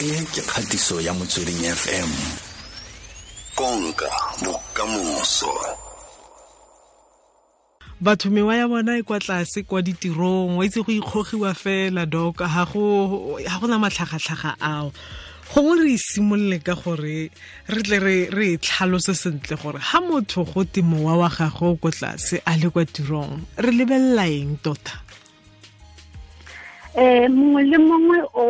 e ke kgatiso ya motsweding fm konka bokamoso batho mewa ya bona e kwa tlase kwa ditirong wa itse go ikgogiwa fela doka ga gona matlhagatlhaga ao gongwe re simolole ka gore re tle re e tlhalose sentle gore ga motho go te mowa wa gagwe o ko tlase a le kwa tirong re lebelela eng tota um mongwe le mongwe o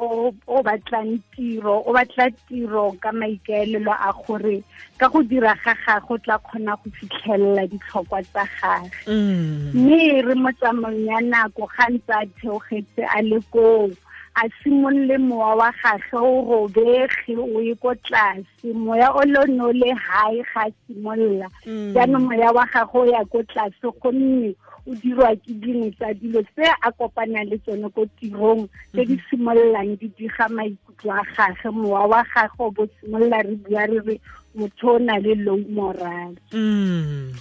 o batlang tiro o batla tiro ka maikaelelo a gore ka go dira ga gagwe tla kgona go fitlhelela ditlhokwa tsa gage mm. mme re mo tsamayng ya nako ga ntse a theogetse a le koo a simolole mowa wa gagwe o robege o ye ko tlase moya o le ne o le high ga simolola mm. jaanong moya wa gagwe o ya ko tlase gonne mm. o dirwa ke dingwe tsa dilo tse a kopana le tsone ko tirong tse di mhm. simololang di diga maikutlo a gage mowa wa gage o bo simolola re bua re re motho o na le low moral mm.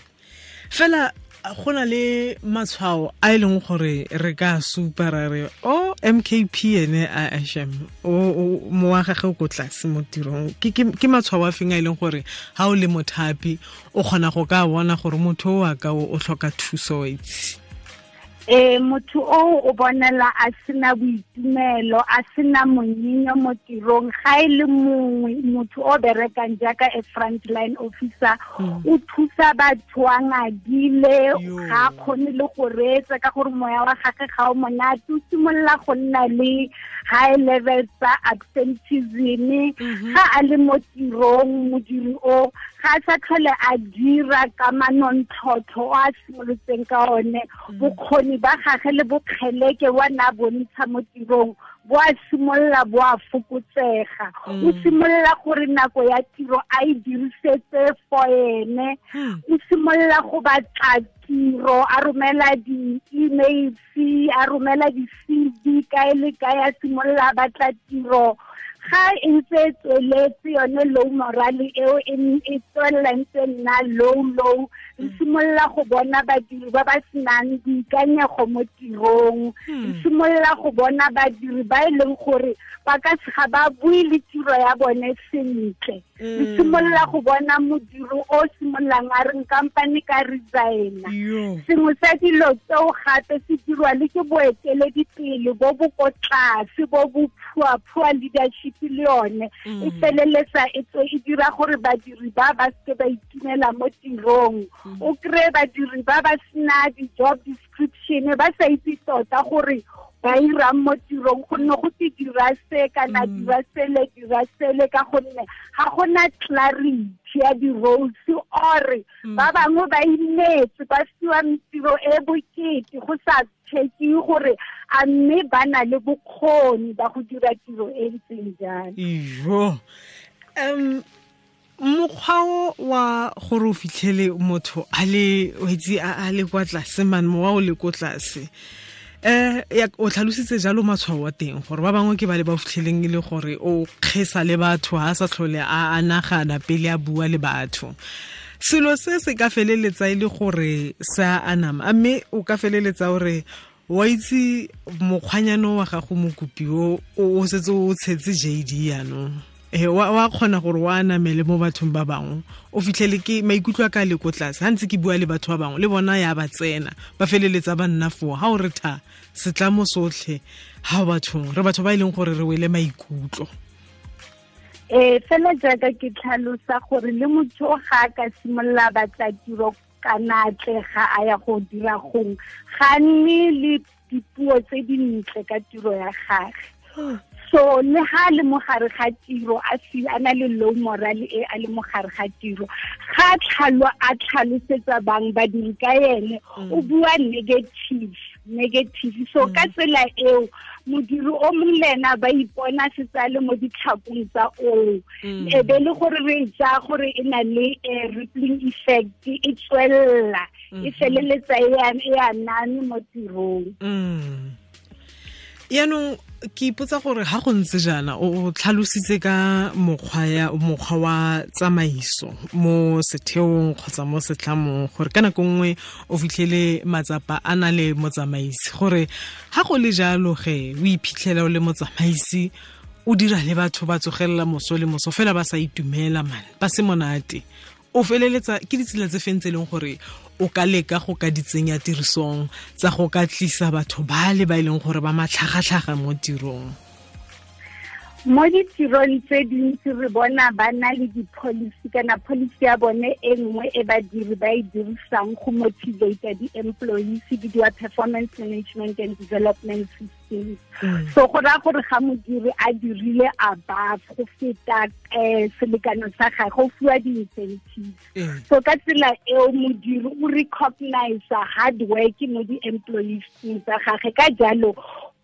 fela go na le matshwao a e leng gore re ka supa ra re o mkp ene a asham mo wa gage o ko tlase mo tirong ke matshwao a feng a e leng gore ga o le mothapi o kgona go ka bona gore motho o a ka o tlhoka thuso wa e itse e motho o o bonela a sena boitumelo a sena monyinyo mo tirong ga e le mongwe motho o berekang jaaka a frontline officer hmm. o thusa batho a ngadile ga a kgone le go reetsa ka gore moya wa gage ga o monate o simolola go nna le high level tsa absentism mhm. ga a le mo tirong modiri o ga a sa tlhole a dira ka manontlhotlho o a simolotseng ka one hmm. bokgoni bokgoni ba gage le bokgeleke wa na bontsha mo tirong bo a simolola bo a fokotsega mm. o simolola gore nako ya tiro a e dirisetse for ene hmm. o simolola go batla tiro a romela di-emails a romela di-cv kae le kae a simolola a batla tiro ga e ntse e tsweletse yone low morale eo e, e tswelela ntse e nna low low re simolola go bona badiri ba ba senang boikanyego mo tirong re hmm. simolola go bona badiri ba e leng gore ba ka sega ba bue le tiro ya bone sentle re hmm. simolola go bona modiro o simololang a reng kampane ka resigna sengwe sa dilo tseo gape se dirwa le ke boeteledipele bo bo ko tlase bo bo phuaphua leadership le yone hmm. e feleletsa e, e dira gore badiri ba ba seke ba itumela mo tirong o kry-e badiri ba ba sena di-job description ba sa itse tota gore ba mo tirong gonne go se dira se kana mm. dira sele dira sele ka gonne ga gona clarity ya di-roles ore mm. ba bangwe ba imetse ba fiwa tiro e bokete go sa checki gore a mme ba na le bokgoni ba go dira tiro e ntseng jalo mokgwa o wa gore o fitlhele motho a le wetse a le kwa tlase manmo wa o le ko tlase um o tlhalositse jalo matshwao wa teng gore ba bangwe ke ba le ba fitlheleng e le gore o kgesa le batho ga a sa tlhole a nagana pele a bua le batho selo se se ka feleletsa e le gore sa anama a mme o ka feleletsa gore wa itse mokgwanyano wa gago mokopi o o setse o tshetse jd yaanong e wa kgona gore wa namele mo bathong ba bangwe o fitlhele ke maikutlo a ka le ko tlase ga ntse ke bua le batho ba bangwe le bona ya ba tsena ba feleletsa ba nna foo ga o re tha setlamo sotlhe ga o bathong re batho ba e leng gore re wele maikutlo ee fela jaaka ke tlhalosa gore le motho ga a ka simolola batla tiro ka natle ga a ya go dira gong ga nne le dipuo tse dintle ka tiro ya gage hmm. so le ha le mogare ga tiro a si ana le low moral e a le mogare ga tiro ga tlhalo a tlhalosetsa bang ba diri ka ene mm. o bua negative negative so ka mm. tsela eo modiri o mong le ena ba ipona se tsale mo ditlhakong tsa oo mm. e be le gore re tsa gore e na le e, rippling effect e tswelela e mm-hmm. feleletsa e yanane e mo tirong yaanong ke ipotsa gore ga go ntse jaana o tlhalositse ka mokgwa wa tsamaiso mo setheong kgotsa mo setlamong gore ka nako nngwe o fitlhele matsapa a na le motsamaisi gore ga go le jalo ge o iphitlhela o le motsamaisi o dira le batho ba tsogelela moso le moso fela ba sa itumela mane ba se monate o feleletsa ke ditsela tse feng tse e leng gore o ka leka go ka ditsenya tirisong tsa go ka tlisa batho ba le ba e leng gore ba matlhagatlhaga mo tirong mo ditirong tse dintsi re bona ba na le di-policy kana policy ya bone e nngwe e badiri ba e dirisang go motivate di-employees di diwa performance management and development systems hmm. so go raya gore ga modiri a dirile above go feta um eh, selekano sa gage go fiwa di-incentives hmm. so ka tsela eo modiri o recognize hard work mo di-employees tsa gage ka jalo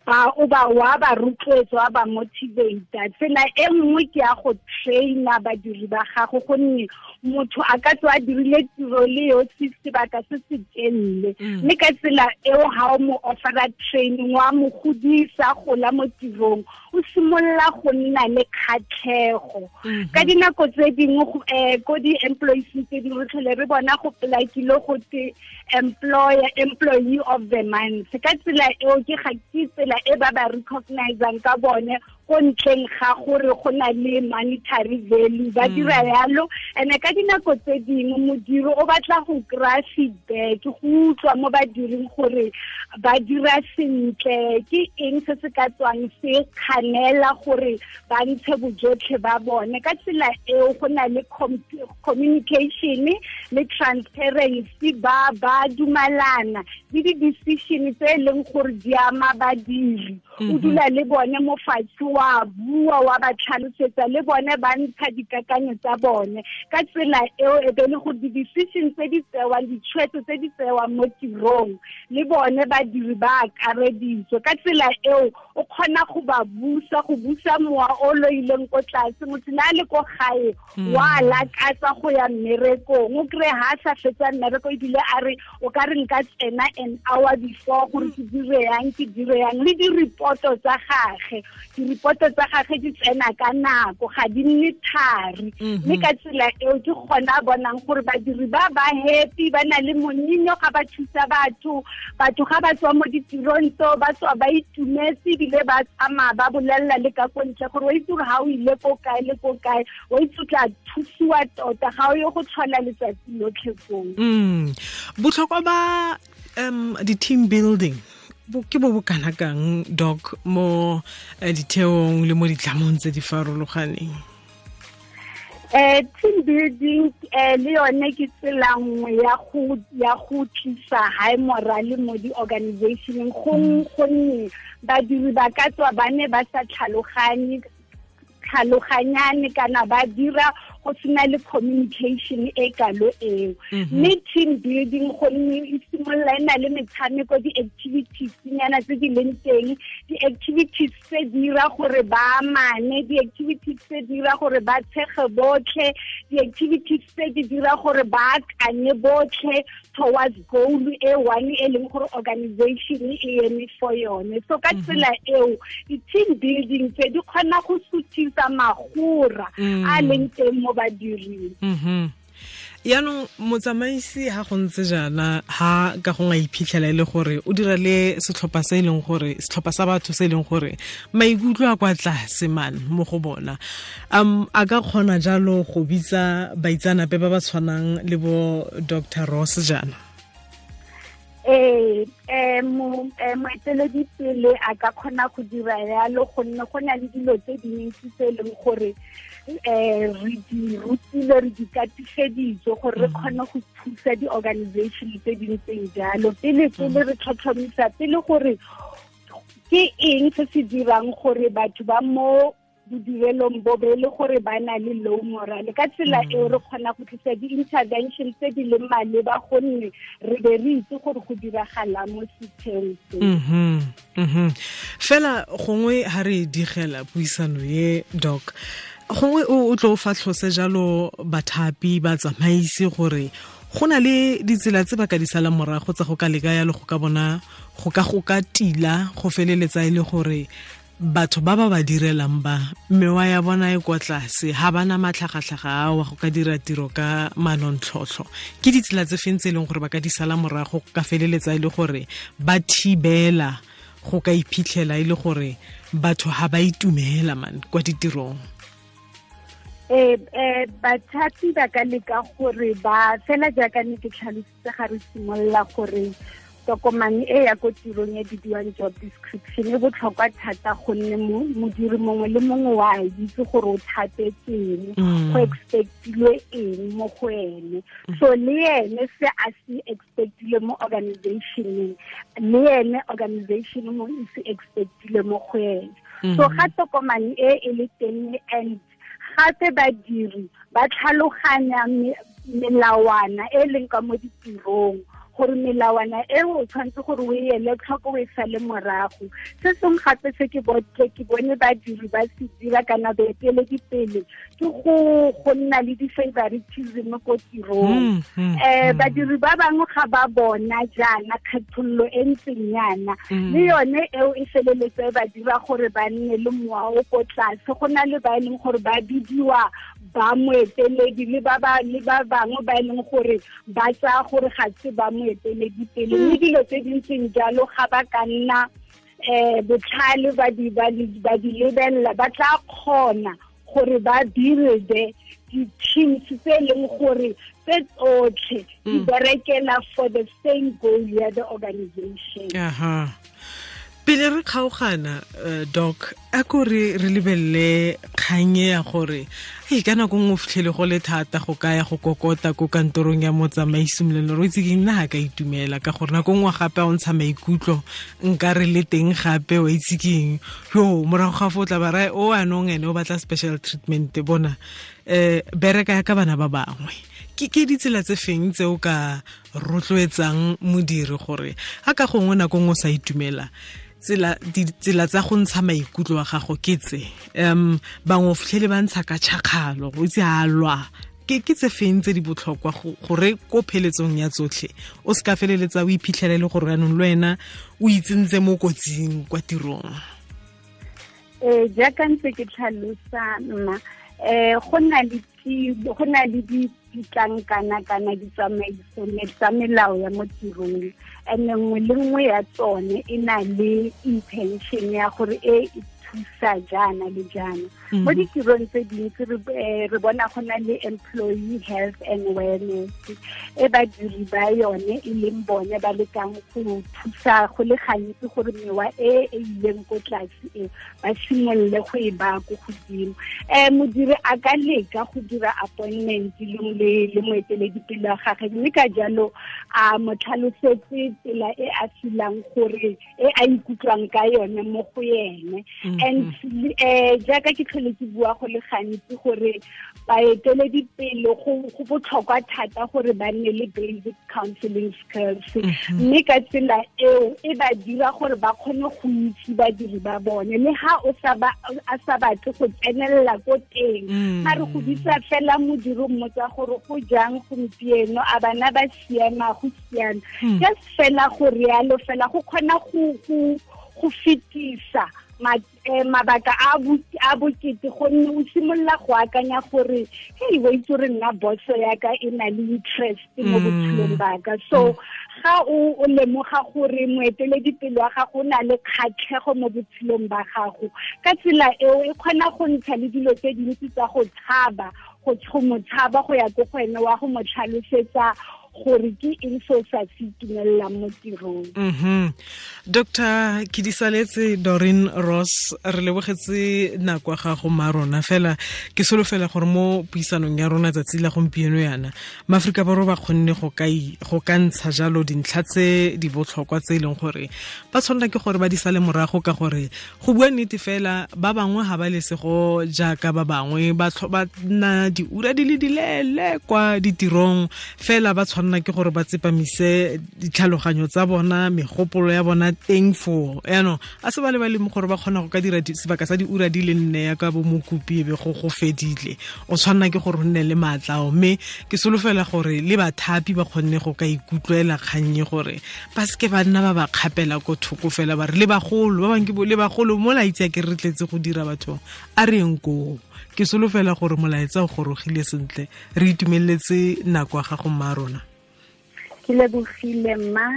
a o ba wa ba rutloetsa ba motivate tsela e nngwe ke ya go traina badiri ba gago gonne motho a ka tswa a dirile tiro le yosi sebaka se se telele mm. mme ka tsela eo ga o mo offera training wa mo godisa gola mo tirong o simolola go nna le kgatlhego mm-hmm. ka dinako tse dingwe um ko di-employeesng tse dingwe re tlhole re bona go pelakile gote employer employee of the month ka tsela eo ke ga ke tsela tsela e ba ba recognize-ang ka bone ko ntleng ga gore go na le monetary value ba mm. dira yalo ene ka dinako tse dingwe modiri o batla go kry-a feedback go utlwa mo badiring gore ba dira sentle ke eng se se ka tswang se kganela gore ba ntshe bojotlhe ba bone ka tsela eo go na le communication le transparency ba ba dumalana le di-decision tse e leng gore di ama badiri Mhm. o dula le bone mo fatshe wa bua wa ba tlhalosetsa le bone ba ntsha dikakanyo tsa bone ka tsela eo e be le gore di-decision tse di tsewang ditshwetso tse di tsewang mo tirong le bone badiri ba akareditswe ka tsela eo o kgona go ba busa go busa mowa o loileng ko tlase motho le a le ko gae hmm. wa lakatsa go ya mmerekong o kry-e ga a sa fetsa mmereko ebile a re o ka re nka tsena an hour before gore ke dire yang ke dire yang le di diripoto tsa gagwe diripoto tsa gagwe di tsena ka nako ga di nne thari mhm. mme ka tsela eo ke kgona bonang gore badiri ba ba happy ba na le monnyo ga ba thusa batho batho ga ba tswa mo ditirong tseo ba tswa ba itumetse ebile ba tsamaya ba bolelela le ka kontle gore wa itse gore ga o ile ko kae le ko kae wa itse o tla thusiwa tota ga o ye go tlhola letsatsi lotlhe koo mm. botlhokwa ba um di-team building ke bo bokana kang doc mo eh, ditheong le mo ditlamong tse di farologaneng um team building um le yone ke tsela nngwe ya go tlisa high morale mo di-organizationeng gonne mm. badiri ba ka tswa ba ne ba sa tlhaloganye kana ba dira go le communication e kalo eo mhm. mme team building gonne e simolola e na le metshameko di-activities nyana tse di leng teng di-activities tse dira gore ba amane di-activities tse dira gore ba tshege botlhe di-activities tse di dira gore ba akanye botlhe towards goal e one e leng gore organization e eme for yone so ka mhm. tsela eo di-team building tse di kgona go suthisa magora a mm. leng teng mo badiring mm-hmm. yaanong motsamaisi ga go ntse jaana ha ka go nga iphitlhela e le gore o dira le setlhopha se e leng gore setlhopha sa batho se e leng gore maikutlo a kwa tlase man mo go bona um a ka kgona jalo go bitsa baitsanape ba ba tshwanang le bo dr ross jaana ee um moeteledipele a ka kgona go dira yalo gonne go na le dilo tse dintsi tse e leng gore um re di rutile re di katiseditse gore re mm. kgone go thusa di-organization tse dintseng jalo pele mm. pele re tlhotlhomisa pele gore ke eng se se dirang gore batho ba mo bodirelong bo be le gore ba na le low moral ka tsela mm. eo re kgona go tlisa di-intervention tse di leng maleba gonne re be re itse gore go diragala mo setheng se mm-hmm. Mm-hmm. fela gongwe ha re digela puisano ye doc gongwe o tlo o fa tlhose jalo bathapi ba tsamaisi gore go na le ditsela tse ba ka di sala morago tsa go ka leka yalo go ka bona go ka go ka tila go feleletsa e le gore batho ba ba ba direlang ba mewa ya bona e kwa tlase ga bana matlhagatlhaga ao wa go ka dira tiro ka manontlhotlho ke ditsela tse feng tse e leng gore ba ka di sala morago ka feleletsa e le gore ba thibela go ka iphitlhela e le gore batho ga ba itumela man kwa ditirong eh, eh bathapi ba ka leka gore ba fela jaaka ne ke tlhalositse ga re simolola gore tokomane e ya ko tirong ya e bidiwang job description e botlhokwa thata gonne modiri mongwe le mongwe wa a e itse gore o thapetseng mm. go expectilwe eng mo go ene so le ene se a se expectile mo organizationeng le ene organization mo e se expectile mo go ene mm. so ga tokomane e e le teng and gape badiri ba tlhaloganya melawana e leng ka mo ditirong gore melawana e o tshwanetse gore o e ele tlhoko o e sale morago se seng gape se ke ke bone badiri ba se dira kana pele. ke go nna le di-favoritism ko tirong um badiri ba bangwe ga ba bona jaana kgethololo e ntseng yana le yone eo e feleletse ba dira gore ba nne le mowa o ko tlase go na le ba e leng gore ba bidiwa ba moeteledi le ba bangwe ba e leng gore ba tsaya gore ga se ba mo e eteledipele mme dilo tse dintseng jalo ga ba ka nna um botlhale ba di lebelela ba tla kgona gore ba di-teams tse leng gore tse tsotlhe di mm. berekela for the same goal ya the organization uh -huh. pele re kgaogana uh, doc a kore re lebelele kgang e ya gore e ka nako e ngwe o fitlhele go le thata go kaya go kokota ko kantorong ya motsamaisi molelo re o itse ke nna ga ka itumela ka gore nako e ngwe gape a o ntsha maikutlo nka re le teng gape wa itse keng yo morago ga fo o tla ba rae o anong ene o batla special treatment bona um bereka ya ka bana ba bangwe ke ditsela tse feng tse o ka rotloetsang modiri gore a ka gongwe nako ngwe o sa itumela tsela tsa go ntsha maikutlo wa gago ke tse um bangwe o fitlhele ba ntsha ka tšhakgalo o itse a lwa ke ke tse feng tse di botlhokwa gore ko pheletsong ya tsotlhe o se ka feleletsa o iphitlhele le gore yaanong le wena o itsentse mo kotsing kwa tirong um jaaka ntse ke tlhalosa nna um go nna le go na le ditlankana-kana ditsamaiso tsa melao ya mo tirong and nngwe le nngwe ya tsone e na le intention ya gore e thusa jaana le jaana mo mhm. ditirong tse dintsi eh, re bona go na le employee health and wellness e badiri ba yone e leng bone ba lekang go thusa go le gantsi gore mewa e e ileng ko tlase e ba simolole go e baya ko godimo um modiri a ka leka go dira appointment le moeteledipele wa gage mme ka jalo a motlhalosetse tsela e a filang gore e a ikutlwang ka yone mo go ene mhm. and mm-hmm. eh, jaaka ke tlhole ke bua go le gantsi gore baeteledipele go botlhokwa thata gore ba nne le basic counseling skills mm-hmm. mme ka tsela eo e ba dira gore ba kgone go itse badiri ba bone le ha o a sa batle go tsenelela ko teng mm. a re go bitsa fela modiri mmotsa gore go jang gompieno a bana ba siama go siana mm. just fela go rialo fela go kgona go go fetisa Eh, mabaka a bokete gonne o simolola go akanya gore hei wa itse gore nna boso yaka e na le interest mo mm. botshelong baka so mm. ga o lemoga gore moeteledipele wa gago o na le kgatlhego mo botshelong ba gago ka tsela eo e kgona go ntsha le dilo tse dintsi tsa go tshaba go tshomotshaba go ya ko go wena wa go mo tlhalosetsa gore ke eng seo sa se itumelelang mo tirong mhm doctor disaletse dorin ross re lebogetse nako ya gago rona fela ke solo fela gore mo puisanong ya rona tsatsi la gompieno yana maaforika borwa ba kgonne go ka ntsha jalo dintlha tse di botlhokwa tse e leng gore ba tshwanela ke gore ba di sale morago ka gore go bua nnete fela ba bangwe ga ba lesego jaaka ba bangwe ba na diura di le dileele kwa ditirong fela ba tshwana tshwanela ke gore ba tsepamise ditlhaloganyo tsa bona megopolo ya bona teng for yaanong a se ba le balemo gore ba kgona go ka dira sebaka sa diura di le nne ya ka bo mokopi be go go fedile o tshwanela ke gore o nne le maatlao mme ke solofela gore le bathapi ba kgonne go ka ikutlwela kgannye gore ba seke ba nna ba ba kgapela ko thoko fela ba re le bagolo ba bangwe le bagolo mo laitse ya ke re tletse go dira bathong a reng koo ke solofela gore molaetsa o gorogile sentle re itumeletse nako ya gago mma rona ke lebogile mma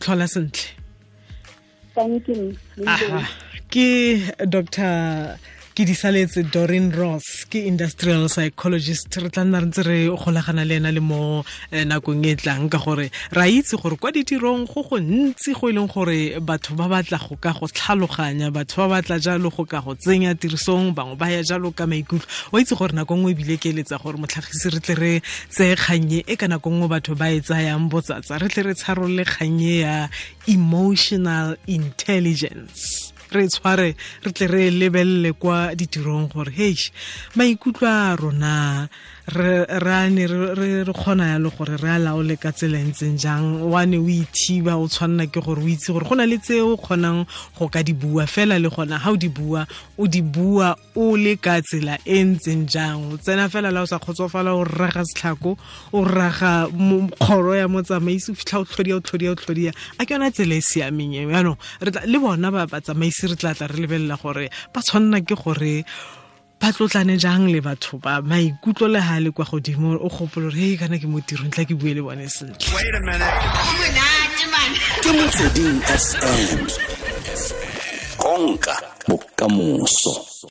tlhola sentle thank you ke dr ke di saletse dorin ross ke industrial psychologist re tla nna re ntse re golagana le ena le mo eh, nakong e tlang ka gore ra itse gore kwa ditirong go go ntsi go e leng gore batho ba batla go ka go tlhaloganya batho ba batla jalo go ka go tsenya tirisong bangwe ba ya jalo ka maikutlo o itse gore nako nngwe ebile ke eletsa gore motlhagisi re tle re tseye kgannye e ka nako nngwe batho ba e tsayang botsatsa re tle re tsharolole kgannye ya emotional intelligence re tshware re tle re lebelele kwa ditirong gore hei maikutlo a rona re rane re re kgona yalo gore re a laole ka tsela e ntseng jang wane o ithiba o tshwanela ke gore o itse gore go na le tse o kgonang go ka di bua fela le gona ga o di bua o di bua o le ka tsela e ntseng jang tsena fela la o sa kgotsofala o rraga setlhako o rraga kgoro ya motsamaisi o fitlha o tlhodia o tlhodia o tlhodia a ke yona tsela e siameng eo yaanong le bona ba batsamaisi re tla tla re lebelela gore ba tshwanela ke gore ba tlotlane jang le batho ba maikutlo le ga le kwa godimo o gopolo re e kana ke mo tirong tla ke bue le bone sentle konka bokamoso